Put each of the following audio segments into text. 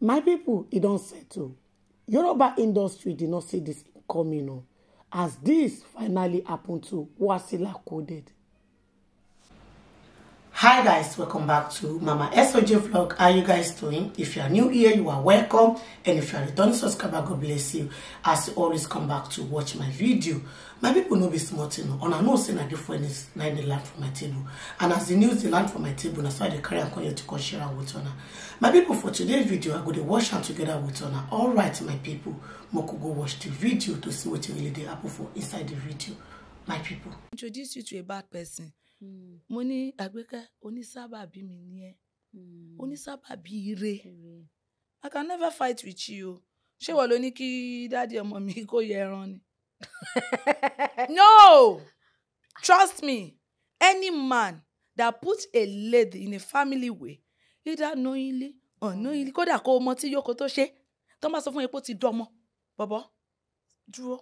my pipo e don settle yoruba industry did not see this coming o as this finally happened to wasila coded hi guys welcome back to mama soj vlog how are you guys doing if you are new here you are welcome and if you are returning subscriber god bless you as you always come back to watch my video my people know be small thing on i know say na different is na dey land for my table and as the news the land for my table na so i dey carry am come here to come share am with una my people for today's video i go dey watch am together with una all right my people make we go watch the video to see wetin really dey happen for inside the video my people. introduce you to a bad person Hmm. mo ní àgbékẹ́ onísábàbí mi ni ẹ́ hmm. onísábàbí ire i can never fight with you ṣé wọ́n ló ní kí dáàdi ọmọ mi kó yẹ ẹran ni no trust me any man that put a lady in a family way either knowingly or unknowingly hmm. kódà kó o mọ tí yókò tó ṣe tó máa sọ fún epo ti dọmọ bọ̀bọ̀ dúró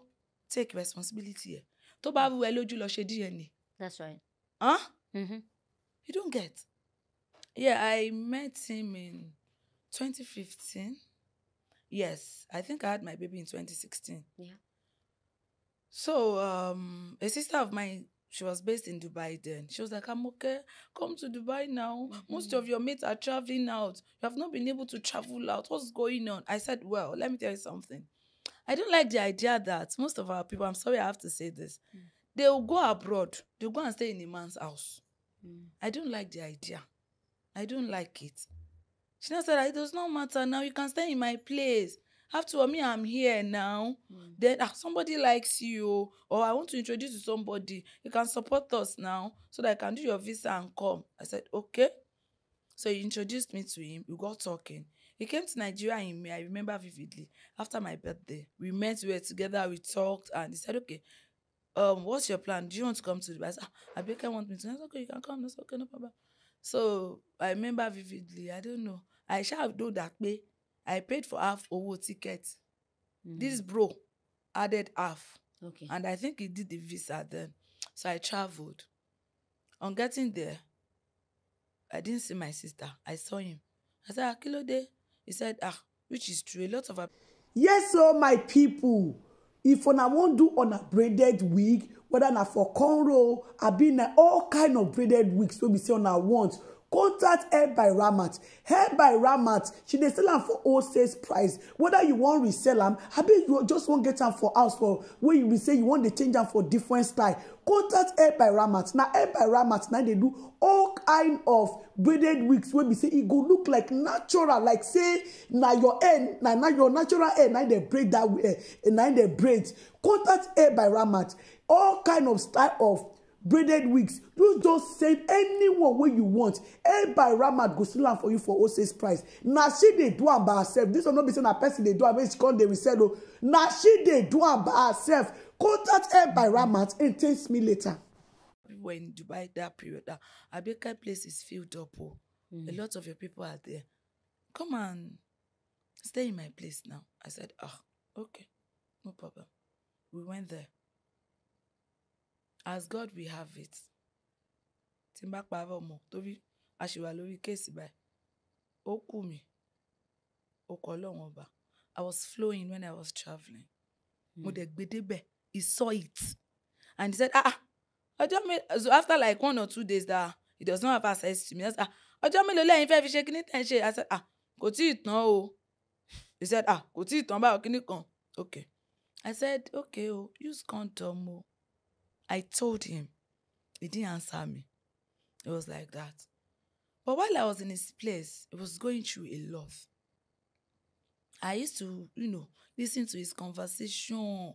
take responsibility ẹ̀ tó bá wù lójú lọ ṣe DNA. that's right Huh? Mm-hmm. You don't get. Yeah, I met him in 2015. Yes, I think I had my baby in 2016. Yeah. So, um, a sister of mine, she was based in Dubai then. She was like, I'm okay, come to Dubai now. Mm-hmm. Most of your mates are traveling out. You have not been able to travel out. What's going on? I said, Well, let me tell you something. I don't like the idea that most of our people, I'm sorry I have to say this, mm. they will go abroad they will go and stay in a man's house mm. i don't like the idea i don't like it She now said ah, it does not matter now you can stay in my place after all me i'm here now mm. then ah somebody likes you or i want to introduce you to somebody you can support us now so that i can do your visa and come i said okay so he introduced me to him we got talking he came to nigeria in may i remember vividly after my birthday we met we were together we talked and he said okay um, what's your plan? Do you want to come to the bus? Ah, Abike want me to. That's okay, you can come. That's okay, no problem. So I remember vividly. I don't know. I shall done that pay. I paid for half owo ticket. Mm. This mm-hmm. bro added half. Okay. And I think he did the visa then. So I traveled. On getting there, I didn't see my sister. I saw him. I said, Akilode. Ah, he said, ah, which is true. A lot of... Yes, oh, my people if una wan do una braided wig whether na for cornrow abi na all kind of braided wigs wey be say una want contact air by ramat air by ramat she dey sell am for wholesale price whether you wan resell am abi you just wan get am for house for wey you be say you wan dey change am for different style contact air by ramat na air by ramat na dey do all kind of braided wigs wey be say e go look like natural like say na your hair na na your natural hair na dey braid that way eh, na dey braid contact air by ramat all kind of style of braided wigs You just send anyone wey you want elbai ramat go sell am for you for wholesale price na she dey do am by herself this one no be say na person dey do am wey she come dey resell o na she dey do am by herself contact elbai ramat and text me later. we were in dubai that period that abeka place is filled up o mm. a lot of your people are there come and stay in my place now i said ah okay no problem we went there as God will have it tí n bá parọ́ mọ́ torí a ṣì wà lórí kéèsì báyìí ó kù mí ó kọ́ ọlọ́run ọba I was flowing when I was travelling hmm. mo dẹ̀ gbé débẹ̀ he saw it and he said ah, ah ọjọ́ mi so after like one or two days that he does not have access to me I said ah ọjọ́ mi lòlẹ́ yín fẹ́ fi ṣe kíní tẹ̀ ń ṣe I said ah kò tí ì tán o he said ah kò tí ì tán báwo kíní kan okay I said okay o use condom o. I told him. He didn't answer me. It was like that. But while I was in his place, he was going through a lot. I used to, you know, listen to his conversation,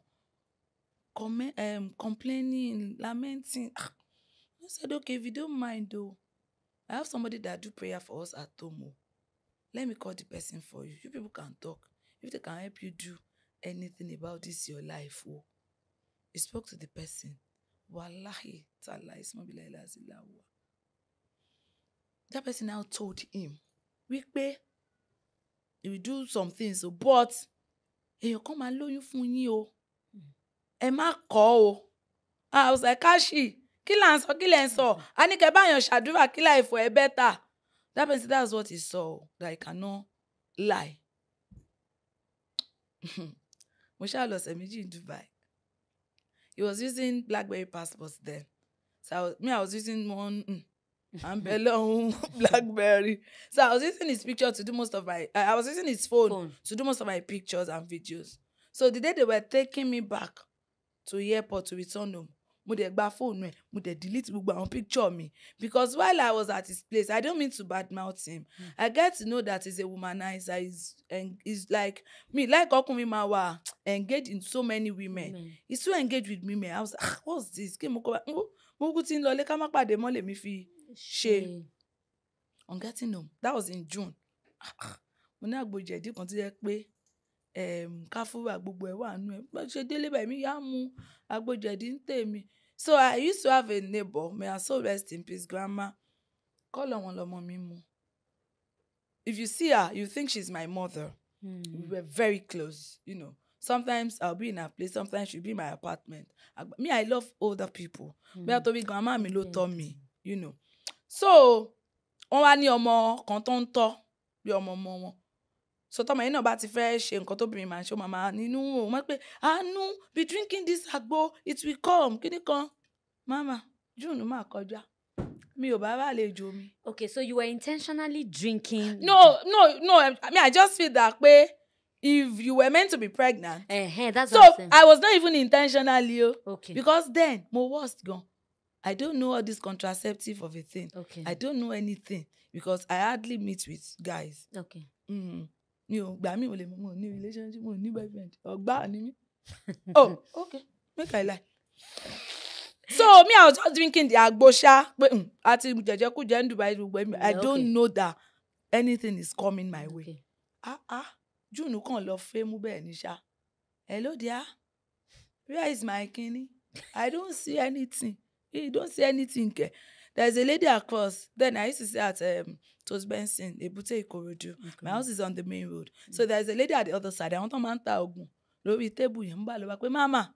com um, complaining, lamenting. Ah! I said, okay, if you don't mind though, I have somebody that do prayer for us at Tomo. Oh. Let me call the person for you. You people can talk. If they can help you do anything about this, your life. Oh. He spoke to the person. Wallahi, Tallahi, That person now told him, wípé you do some things o but èèyàn kan máa lóyún you yín o ẹ má kọ̀ o I was like káṣì kí là ń sọ kí lẹ̀ ń sọ a ní kẹ́ báyọ̀ ṣàdúrà kí láì fọ ẹ bẹ́tà that person that's what he saw that I cannot lie mo ṣáà lọ ọ̀sẹ̀ méjì ní Dubai he was using blackberry passport then so I was, me i was using one hmm, and below blackberry so i was using his picture to do most of my i was using his phone, phone to do most of my pictures and videos so the day they were taking me back to airport to return home mo dẹ̀ gba fóònù ẹ̀ mo dẹ̀ delete gbogbo àwọn picture mi because while I was at his place I don't mean to badmouth him mm. I get to know that he's a womanizer he's, he's like me like ọkùnrin máa wà engaged in so many women mm. he's still engaged with me, women I was ah, what's this kí mo kọ́ mo kú tí ń lọ lé ká má pàdé mọ́ lèmi fi ṣe on getting home that was in June ah, ah. mo ní àgbo jẹ̀dí kan tó yẹ pé um, káfúrà gbogbo ẹ̀ wà nù ẹ̀ bá ṣe délé bá mi yá mu agbójẹ̀dí ń tèmi so i used to have a neighbor may I so rest in peace grandma kọ́lọ̀ wọn lọmọ mi mu if you see her you think she's my mother mm. we hmm. were very close you know sometimes i'll be in her place sometimes she'll be in my apartment me i love older people bí a tó bí grandma mi ló tọ́ mi you know so wọ́n wá ní ọmọ kan tó ń tọ́ bí ọmọ ọmọ wọn so tọmọ yẹn náà bá ti fẹ́ ṣe nǹkan tóbìnrin máa ṣe ó máa nínú òun máa pé àánú be drinking this agbo it will come kíní kan mama june máa kọjá mi ò bá bá lè jo mi. okay so you were intentionally drinking. no no no i mean i just feel that pé if you were meant to be pregnant. Uh -huh, that's so i was not even intentionally o. Oh. okay because then mo worst gan i don't know all this contraceptive of a thing. okay i don't know anything because i hardly meet with guys. okay. Mm mi ò gbà mí ò lè mo ní relationship mo ní boyfriend ọgbà ni mí oh okay make i lie so me i was just drinking the agbo ṣá pé àti mm, jẹjẹkújẹ ń dubai gbogbo ẹ̀mí i don't know that anything is coming my way ah ah june kàn lọ fẹ́mú bẹ́ẹ̀ ni ṣá hello dear where is my kinní i don't see anything he don't see anything kẹ. Okay There's a lady across. Then I used to say at um, Toast Benson, Ebute Ikorodu. Okay. My house is on the main road. Mm. So there's a lady at the other side. I want to manta ogun. Lórí tebu yẹn ń bá lọ mama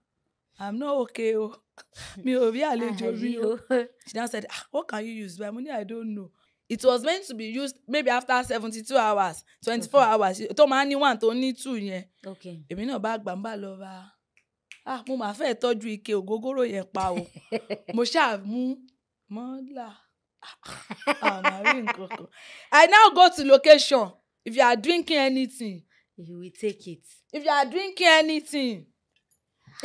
I'm not okay o. me ò rí rio She now said, ah, what can you use? But I mean, I don't know. It was meant to be used maybe after 72 hours, 24 okay. hours. to ma ní one tó ní two yẹn. Èmi náà bá gbà ń bá lọ Ah, mo máa fẹ́ tọ́jú ike ògógóró yẹn pa o. Mo ṣáà mú mọ́là àmàrí nǹkan kan i now go to location if you are drinking anything you will take it if you are drinking anything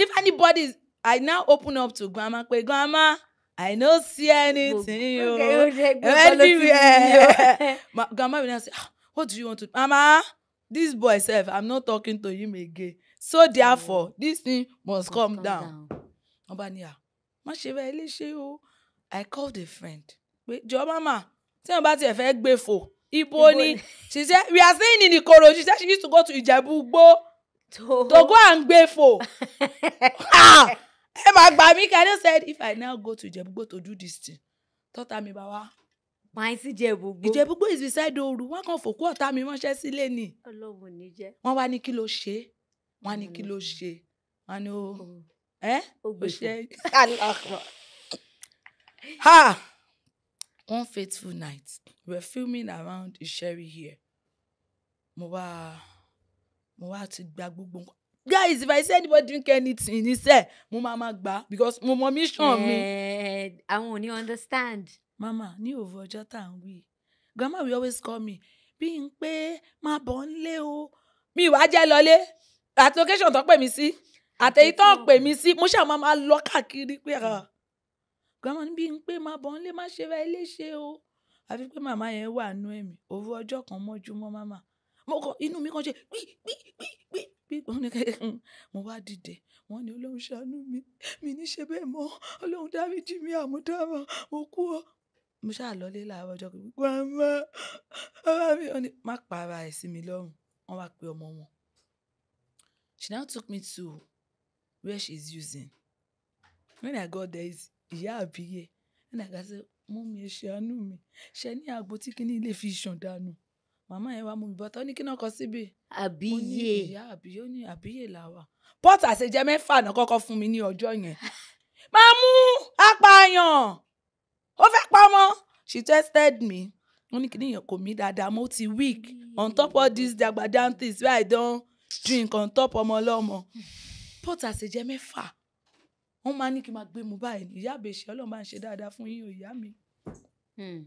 if anybody is i now open up to grandma pe grandma i no see anything o anywhere grandma bin say ah what do you want to mama this boy sef i'm not talking to him again so therefore this thing must, must come, come down ọba ni ah má ṣe bẹ́ẹ̀ léṣe o I called a friend pé jọ mama tí wọn bá tiẹ̀ fẹ́ gbé fò ibo ni she said we are staying in Ikorodu she said she used to go to Ijebu Igbo to go and gbé fò ẹ máa gbà mí kẹ́ni said if I now go to Ijebu Igbo to do this thing tọ́ta mi bá wá. wọ́n á sí Ìjẹ̀bú-Igbó. Ìjẹ̀bú-Igbó is beside ooru wọ́n kàn fòkú ọ̀tá mi ránṣẹ́ sílé ni. ọlọ́run ní jẹ́. wọ́n wá ní kí ló ṣe é wọ́n á ní kí ló ṣe wọ́n ní oh. ó ẹ́ ó gbèsè. Ha! One fateful night, we were filming around Isheri here. Mo wá mo wá ti gba gbogbo Guys, if I see anybody drink anything, he say, mo máa ma because mo mommy show me. I ò ní understand. Mama, Ni òvu ọjọ́ tá à Grandma we always call me, bí n pé máa bọ̀ o. Mi ìwà jẹ́ lọlé at location tó pè mí sí àtẹ̀yí tó pè mí sí mo ṣáà máa lọ káàkiri pé. Ah, Grandma ní Bímpé máa bọ̀ nílé má ṣe ra ilé ṣe o. Àfi pé màmá yẹn wà nú ẹ̀mí. Òru ọjọ́ kan mọ́júmọ́ màmá. Mo kọ inú mi kan ṣe pí pí pí pí pí. Wọ́n ní kẹ́kẹ́ mo wá dìde. Wọ́n ní Ọlọ́run ṣàánú mi. Mi ní ṣe bẹ́ẹ̀ mọ́. Ọlọ́run dáríjì mi àmúdára. Mo kú ọ. Mo ṣáà lọlé láàárọ̀ ọjọ́ kejì. Grandma, bàbá mi ò ní má pa ara ẹ̀ sí mi lọ́rùn. Wọ́n wá pe ọmọ wọn. She now took me to where she is using. When I got there, it's ìyá àbíyè ẹnì àgbà sẹ mú mi ṣe àánú mi ṣe ní àgbo tí kinní ilé fi ṣàn dànù màmá yẹn wá mú mi bọ́tà ó ní kíná kan síbi. àbíyè ìyá àbíyè ó ní àbíyè làwà pọ́ọ̀tù àṣejẹ mẹ́fà náà kọ́kọ́ fún mi ní ọjọ́ yẹn máa mú apààyàn ó fẹ́ pamọ́ she tested me wọ́n ní kí nìyẹn kò mí dáadáa mo ti weak on top of this jagbada wey i don drink on top ọmọ ọlọ́mọ pọ́ọ̀tù àṣejẹ mẹ́fà wọ́n máa ní kí n máa gbé mu báyìí ní ìyá àbèṣe ọlọ́run bá ń ṣe dáadáa fún yín o ìyá mi. Hmm.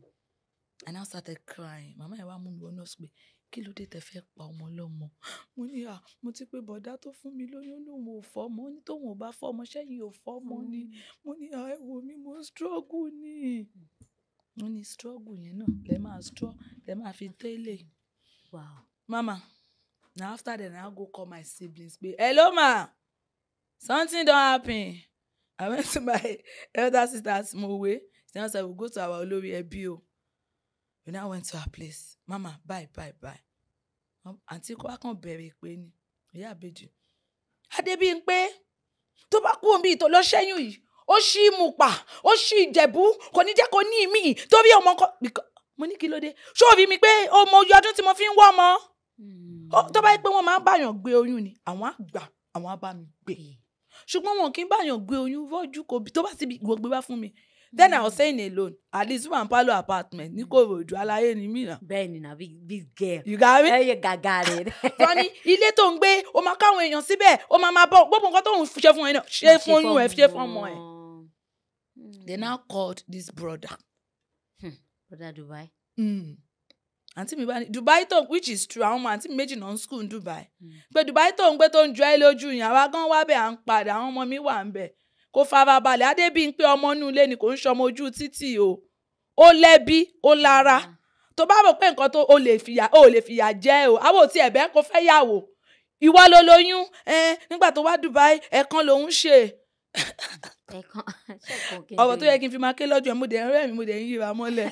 and I started crying màmá yẹn wá mú mi wọ nọ́ọ̀sì pé kí ló dé tẹ pa ọmọ lọ́mọ mo ní à mo ti pe bọ̀dá tó fún mi lóyún lòun ò fọ́mọ ní tóun ò bá fọ́mọ sẹ́yìn ò fọ́mọ ni hmm. mo ní à ẹ wò mí mo struggle ni mo ní struggle yẹn náà lẹ máa struggle lẹ máa fi tẹ́lẹ̀ wow. mama na after that na I go call my siblings pe hello ma something don happen I went to my elder sister Smowe. She now said, We'll go to our Olori Ebio. We now went to her place. Mama, bye, bye, bye. Auntie, kó can't kàn bẹ̀rẹ̀ pé ni. Ìyá àbèjì. Adébíyìnpé they been kú omi ìtò ló ṣẹ́yìn yìí. Ó ṣí imú pa, ó ṣí ìjẹ̀bú, kò ní jẹ́ kó ní ìmí yìí torí ọmọ kan. Mo ní kí mi pé ọmọ oyè ọdún tí mo fi ń wọ́ ọmọ? Hmm. Tó bá yẹ pé wọ́n máa ń báyàn gbé oyún ni, àwọn àgbà àwọn á bá mi gbé. Hmm ṣùgbọ́n wọn kì í báyàn gbé oyún fọ́jú kò tó bá síbi ìwọ gbé wá fún mi hmm. then i was saying alone at least one palo apartment ní hmm. kòròdú aláyé ni mí na. bẹ́ẹ̀ni na big big girl. you got me. ẹyẹ gàgà rẹ. tọ́ni ilé tó ń gbé o máa káwọn èèyàn síbẹ̀ o máa máa bọ̀ gbogbo nǹkan tó ń ṣe fún ẹ náà ṣe fún oyún ẹ ṣe fún ọmọ ẹ. Hmm. they now called this brother. Hmm. brother Dubai. Mm àǹtí mi bá ní Dubai tó which is true àwọn ọmọ àǹtí mi méjì náà ń school ní Dubai hmm. pé Dubai tó ń gbé tó ń jọ ẹ́ lójú yìí àwa gan wá bẹ̀ à ń padà àwọn ọmọ mi wà ń bẹ̀ kó fara balẹ̀ adébíyí pé ọmọ inú ilé ni kò ń ṣọmọ ojú títì o ó lẹ́bí ó lára hmm. tó bá rò pé nǹkan tó o lè fìyà o lè fìyà jẹ o àwọn ò tiẹ̀ bẹ́ẹ̀ kó fẹ́ yàwó ìwọ ló lóyún ẹ nígbà tó wá Dubai ẹ̀kan lòún ṣe ọ̀rọ̀ tó yẹ kí n fi máa ké lọ́jọ́ mo dẹ̀ ń rẹ́rìn mo dẹ̀ ń yíra mọ́lẹ̀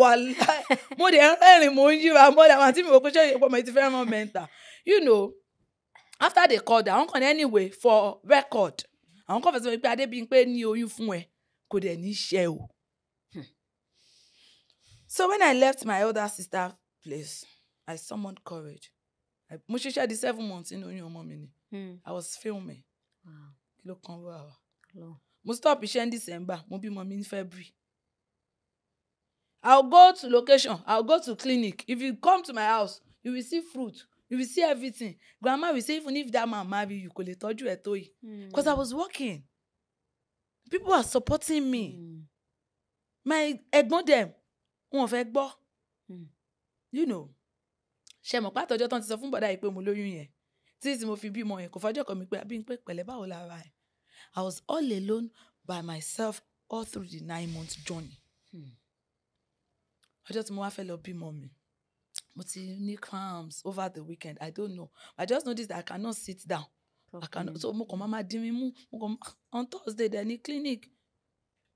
wàhálà mo dẹ̀ ń rẹ́rìn mo ń yíra mọ́lẹ̀ àwọn àti mi ò pé ṣé ìpọ́nmọ́ ti fẹ́ ràn mẹ́ta you know after they called àwọn kan anyway for record àwọn kan fẹsẹ̀ pé Adébímpé ní oyún fún ẹ kò dẹ̀ ní ṣe o. Hmm. so when I left my older sister place I summoned courage mo ṣiṣẹ́ di seven months nínú oyún ọmọ mi ni hmm. I was filming kí ló kàn wá wa mo stop iṣẹ́ ní december mo bímọ mi ní february I'll go to location I'll go to clinic if you come to my house you will see fruit you will see everything grandma will say even if that man marry you kò lè tọ́jú ẹ̀ tó yìí hmm. because i was working people are supporting me mm. my ẹ̀gbọ́n dem wọn fẹ́ gbọ́ hmm. you know ṣe mọ̀ pàtọ́jọ́ tán ti sọ fún bọ̀dá yìí pé mo lóyún yẹn títí mo fi bímọ yẹn kò fọjọ́ kan mi pé àbí ń pè pẹ̀lẹ́ báwo lára ẹ̀ I was all alone by myself all through the nine month journey. Hmm. ọjọ́ tí mo wá fẹ́ lọ mommy. But mo ti ní cramps over the weekend I don't know I just noticed that I cannot sit down Properly. I cannot so mo kàn máa ma dín mi mú mo kàn on Thursday dẹ̀ ní clinic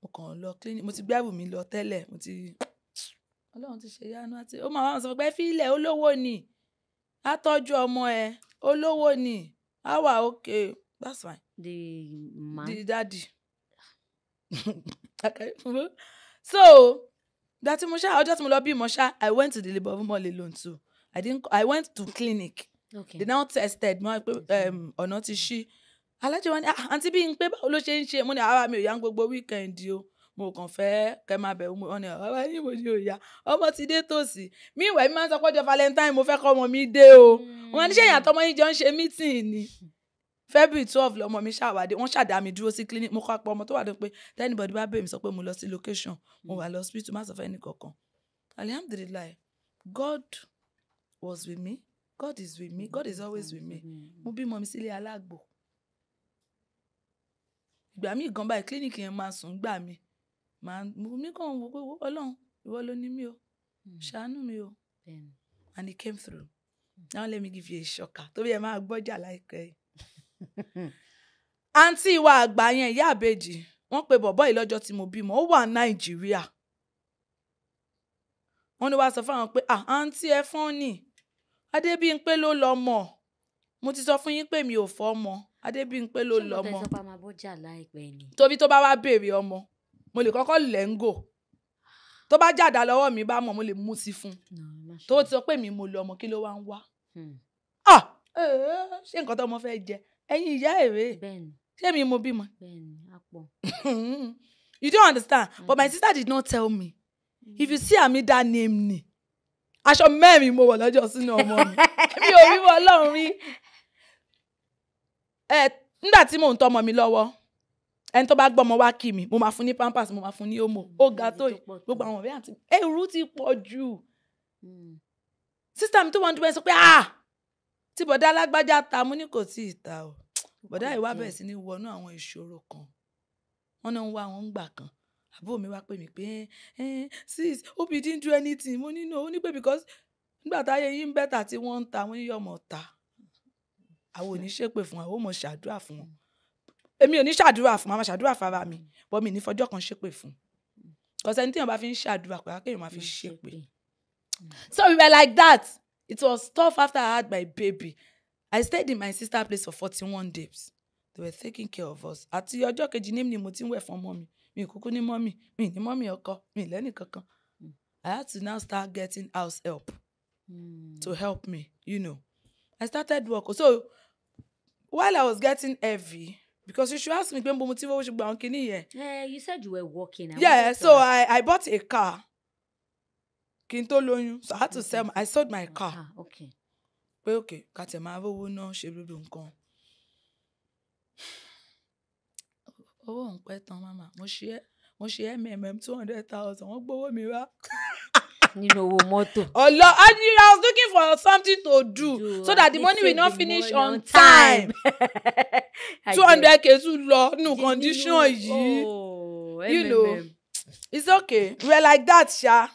mo kàn lọ clinic mo ti gbẹ́rù mi lọ tẹ́lẹ̀ mo ti ọlọ́run ti ṣe yánu àti ó máa wá sọ pé fílẹ̀ olówó ni á tọ́jú ọmọ ẹ olówó ni á wà ókè. Okay That's fine. The man. The daddy. okay. so that mo ṣá ọjọ́ tí mo lọ bí I went to the labour of mole alone too. I didn't I went to clinic. Okay. They now tested "Um, or not is she?" Alájọ wa ni ah àǹtí bí n pé báwo ló ṣe ń ṣe mo ní àwa mi ò yá ń gbogbo wíkẹ̀ndì o mo kàn fẹ́ kẹ́ máa bẹ̀ wọ́n ní ọ̀rọ̀ yìí mo ní òòyà ọmọ ti dé tòsí mi ìwà mi máa ń sọ pé ọjọ́ valentine mo fẹ́ kọ́ ọmọ mi dé o. Hmm. Wọ́n ní ṣé ìyàtọ̀ ọmọ jọ ń ṣe mítìn ni february twelve lọmọ mi ṣàwádé wọ́n ṣàdámi dúró sí clinic mo kọ́ apọ̀ ọmọ tó wà dán pé tẹ́nibọ̀dì bá bèèmí sọ pé mo lọ sí location mo mm. wà lọ hospital má sọ fẹ́ ní kankan alihamdulilayi god was with me god is with me god is always with me mm-hmm. mo bímọ mi sílé alágbo ìgbà míì gan báyìí clinic yẹn máa sùn gbà mí màá mi kàn wò pé ọlọ́run ìwọ ló ní mí o mm. ṣàánú mi o and he came through mm. now let me give you a shocker tó bí ẹ máa gbọ́jà láìpẹ́ yìí. àǹtí wa àgbà yẹn ìyá àbèjì wọ́n pe bọ̀bọ́ yìí lọ́jọ́ tí mo bímọ ó wà nàìjíríà wọ́n ní wàá sọ fáwọn pé àǹtí ẹ fọ́n nì adébíyìnpé ló lọ mọ̀ mo ti sọ fún yín pé mi ò fọ́ ọmọ adébíyìnpé ló lọ mọ̀ tóbi tó bá wá béèrè ọmọ mo lè kọ́kọ́ lẹ́ńgò tó bá jàdá lọ́wọ́ mi bá mọ̀ mo lè mú sí fún un tó ti sọ pé mi mo lọ ọmọ kí ló wá ń wá hmm. ah! eh, eh, eh, ṣé nǹkan tó ọmọ fẹ́ jẹ ẹ̀yin ìyá èrè ṣé mi mo bímọ. you don't understand mm. but my sister did not tell me mm. if you see Hamida name ni aṣọ mẹ́rin mo wọ̀ lọ́jọ́ sínú ọmọ mi mi ò rí wọn lọ́rùn rí ẹ nígbà tí mò ń tọ́ ọmọ mi lọ́wọ́ ẹni tó bá gbọ́ ọmọ wá kí mi mo máa fún ní pampers mo máa fún ní omo ó ga mm, tó yìí gbogbo àwọn ọ̀rẹ́ àti ẹrú ti pọ̀ jù mm. sísítà mi tó wọ́n dúpẹ́ sọ pé ah tí bọ̀dá alágbájá ta mú ní kò tí ì ta o bọ̀dá ìwà bẹ̀rẹ̀ sí ní wọnú àwọn ìṣòro kan wọ́n náà ń wá àwọn ńgbà kan àbúrò mi wá pè mí pé sis Obi didn't do anything mo nínú ó ní pé because nígbà táyé yín bẹ́tà tí wọ́n ń ta wọ́n yíyọ̀ mọ̀ ta àwọn ò ní ṣépè fún àwọn ò mọ̀ ṣàdúrà fún wọn èmi ò ní ṣàdúrà fún màmá ṣàdúrà fara mi bọ́ mi ní fọjọ́ kan ṣépè fún kọ́sẹ́ni tí èèyàn bá fi ń ṣàdúrà pé akéèyàn máa fi ṣépè so we were like that It was tough after I had my baby. I stayed in my sister's place for 41 days. They were taking care of us. Àti ọjọ́ kejì ní ni mo ti ń wẹ̀ fún mọ́mi. Mi kúkú ní mọ́mi. Mi ní mọ́mi ọkọ. Mi lẹ́nì kankan. Hmm. I had to now start getting house help hmm. to help me, you know. I started work. So while I was getting heavy, because you should ask me pé mo ti fowó ṣùgbọ́n kí ni yẹn. Eh, you said you were working. yeah, so I, I bought a car kí n tó lóyún so i had to sell my, i sold my car ah, pé òkè ká tẹ̀ máa rówó náà ṣe gbogbo nǹkan owó ń pẹ́ tán mama mo ṣe é mo ṣe é mmm two hundred thousand wọ́n gbowó mi wá nínú owó mọ́tò. ọlọ i was looking for something to do, so that the money will not finish on time. two hundred k tún lọ nù condition yìí oh, you know it's okay we are like that yeah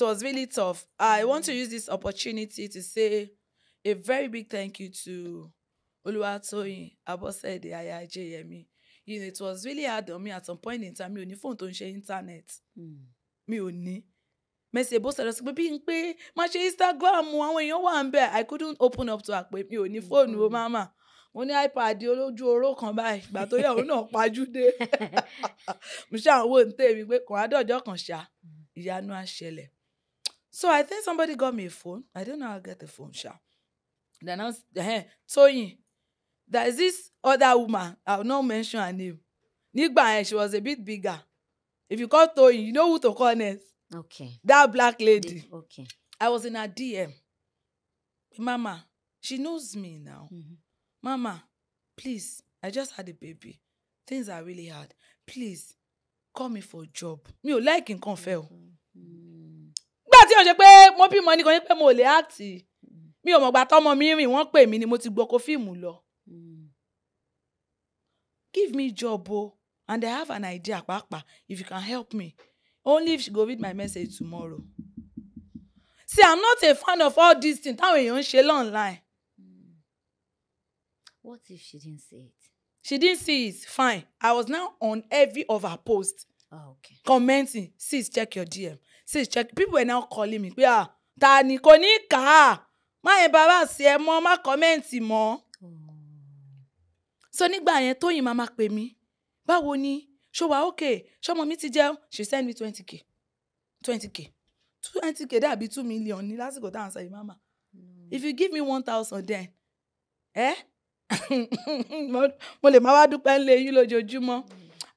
it was really tough. I mm. want to use this opportunity to say a very big thank you to Oluwatoyin Abosede Aya Ajeyemi. You know, it was really hard on me at some point in time. Mi ò phone tó ń internet. me mm. ò Me Mẹ̀sẹ̀ bó sọ̀rọ̀ sí pé bí n pé Instagram àwọn èèyàn wà ń bẹ̀. I couldn't open up to àpè mi ò ní fóònù mm, o máma. Mo ní iPad olójú oró kan báyìí ìgbà tó yà òun náà pajú dé. Mo ṣàwọn owó ń tẹ̀ mí I kàn á dọ̀jọ́ kan ṣá. Ìyanu á So I think somebody got me a phone. I don't know how I get the phone, Sha. Then I hey Tony, Toyin, there is this other woman, I will not mention her name. Nígbà she was a bit bigger. If you call Tony, you know who to call next. Okay. That black lady. okay. I was in her DM. Mama, she knows me now. Mm-hmm. Mama, please, I just had a baby. Things are really hard. Please, call me for a job. Me, ò like nǹkan fẹ́ Mm-hmm tí o ṣe pé mo bímọ ní kan ní pé mo lè act mi ò mọ̀gbà tọ́mọ mi rìn wọ́n pè mí ni mo ti gboko fíìmù lọ. give me job o and I have an idea pàápàá if you can help me only if she go read my message tomorrow. see I'm not a fan of all these things táwọn èèyàn ń ṣe online. what if she didn't see it. she didn't see it fine I was now on every of her posts. Oh, okay. commenting sis check your DM six check people were now calling me pé ah ta ni kò ní kà á má yẹn bàbá sí ẹ mọ́ má kọ́mẹ́ǹtì mọ́. so nígbà yẹn tóyìn máa máa pè mí báwo ni ṣó wà ókè ṣọmọ mi ti jẹun she send me twenty k twenty k twenty k dàbí two million ní lásìkò táwọn sọ yìí máma if you give me one thousand then ẹ eh? mo lè máa wá dúpẹ́ ńlẹ̀ yín lójoojúmọ́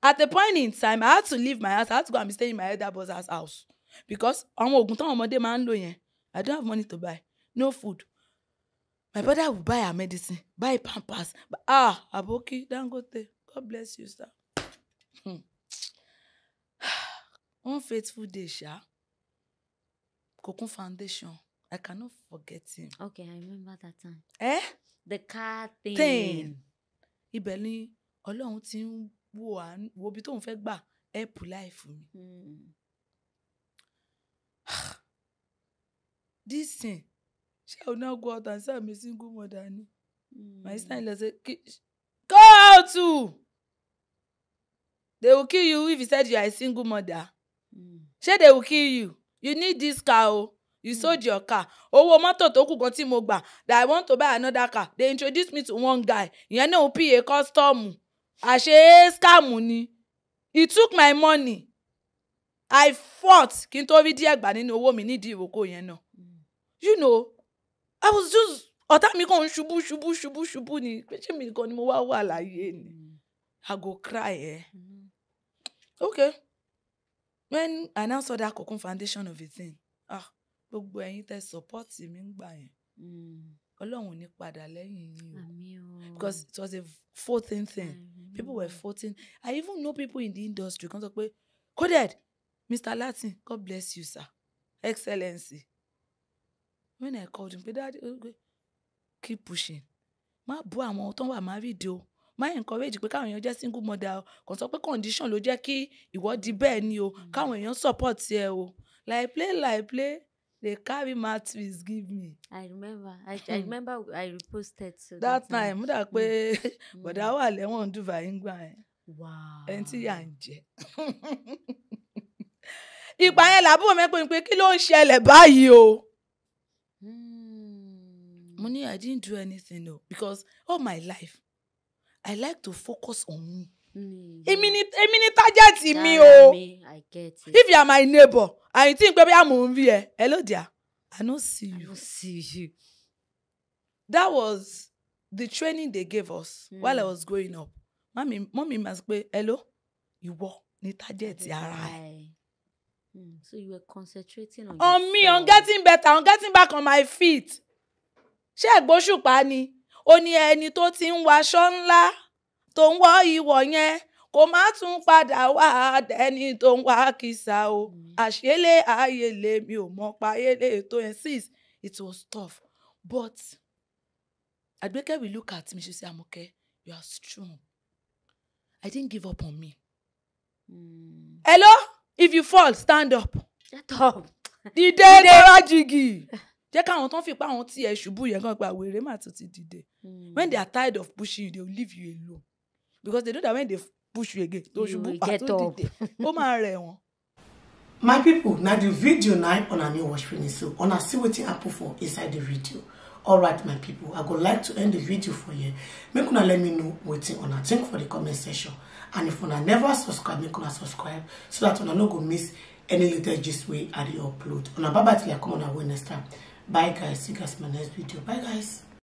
at a point in time i had to leave my house i had to go and be staying in my elder brother's house because àwọn oògùn táwọn ọmọdé máa ń lò yẹn i don't have money to buy no food my brother will buy her medicine buy pampers but, ah aboki dangote god bless you sir hmm. one faithful day ṣá kokun foundation i cannot forget him. okay i remember that time. Eh? the car thing. thing. ibẹ̀ ni ọlọ́run ti ń wo ibi tóun fẹ́ gbà ẹ̀pù láì fún mi. Hmm. This thing she will now go out and say i'm a single mother ni mm. my hmm. sister-in-law say go out too they will kill you if you said you are a single mother mm. shey they will kill you you need this car o you mm. sold your car owó mọ́tò tó kù gan tí mo gbà that i want to buy another car they introduced me to one guy ìyẹn náà ó pa custom àṣé scam ni he took my money i fought kí n tó rí díẹ̀ gbà nínú owó mi nídìí ìrókò yẹn náà you know i was just ọ̀tá mi kàn ń ṣubú ṣubú ṣubú ṣubú ni pé ṣé mi nìkan ni mo wá wà láyé ni i go cry ẹ eh? mm. okay when i now saw that Cocoon foundation of a thing ah gbogbo ẹ̀yin tẹ́ support mi ń gbà yẹn mm. Ọlọ́run ò ní padà lẹ́yìn yìí because it was a fourteen thing mm people were fourteen i even know people in the industry kan sọ pé coded mr latin god bless you sir excellency When I called him, pé daddy, keep pushing. Má bú àwọn tó wà married o. Má encourage pé káwọn èèyàn jẹ́ single mother o. Kàn sọ pé condition ló jẹ́ kí ìwọ di bẹ́ẹ̀ ni o. Káwọn èèyàn support ẹ o. Like play, like play. They carry my twist give me. I remember. I, I hmm. remember I reposted. So that, that time, mo dà pé hmm. bọ̀dá wà lẹ́wọ̀n Dubai ń gbà Wow. Ẹni tí yà ń jẹ ìgbà yẹn làbúrò mi pé kí ló ń ṣẹlẹ̀ báyìí o Hmm. Money, I didn't do anything though because all my life I like to focus on me. Èmi ni èmi ni target mi o. I get it. If you are my neighbor I think pé I'm on ń hello there, I no see you. I no see you. That was the training they gave us mm. while I hmm. was growing up. mommy mọ́mí ma sọ pé hello, ìwọ ni target ara ẹ. Mm, so you were concentrating on. on me on getting better on getting back on my feet. ṣé ẹ̀gbóṣùpá ni ó ní ẹni tó ti ń waṣọ ńlá tó ń wọ ìwọ̀ yẹn kò má tún padà wá dẹni tó ń wá kìsà o hmm. àṣẹlẹ àyèlè mi ò mọ payẹlẹ tó insist it was tough but Agbeke will look at me she say Amoke you are strong I didn't give up on me. Mm. hello if you fall stand up. dìde ìdọ́ra jìgì jẹ́ káwọn tó ń fipá àwọn tí ẹ ṣubú yẹn kan gba wèrè má tún ti dìde hmm. when they are tired of pushing you they will leave you alone because they know that when they push you again tó ṣubú àtún dìde ó máa rẹ̀ wọ́n. my pipo na di video na una new watch finish so una see wetin happen for inside di video alright my pipo i go like to end di video for here make una let me know wetin una think for di comment section and if una never subscribe make una subscribe so that una no go miss any little gist wey i dey upload una bye bye till i come on our next time bye guys see you guys in my next video bye guys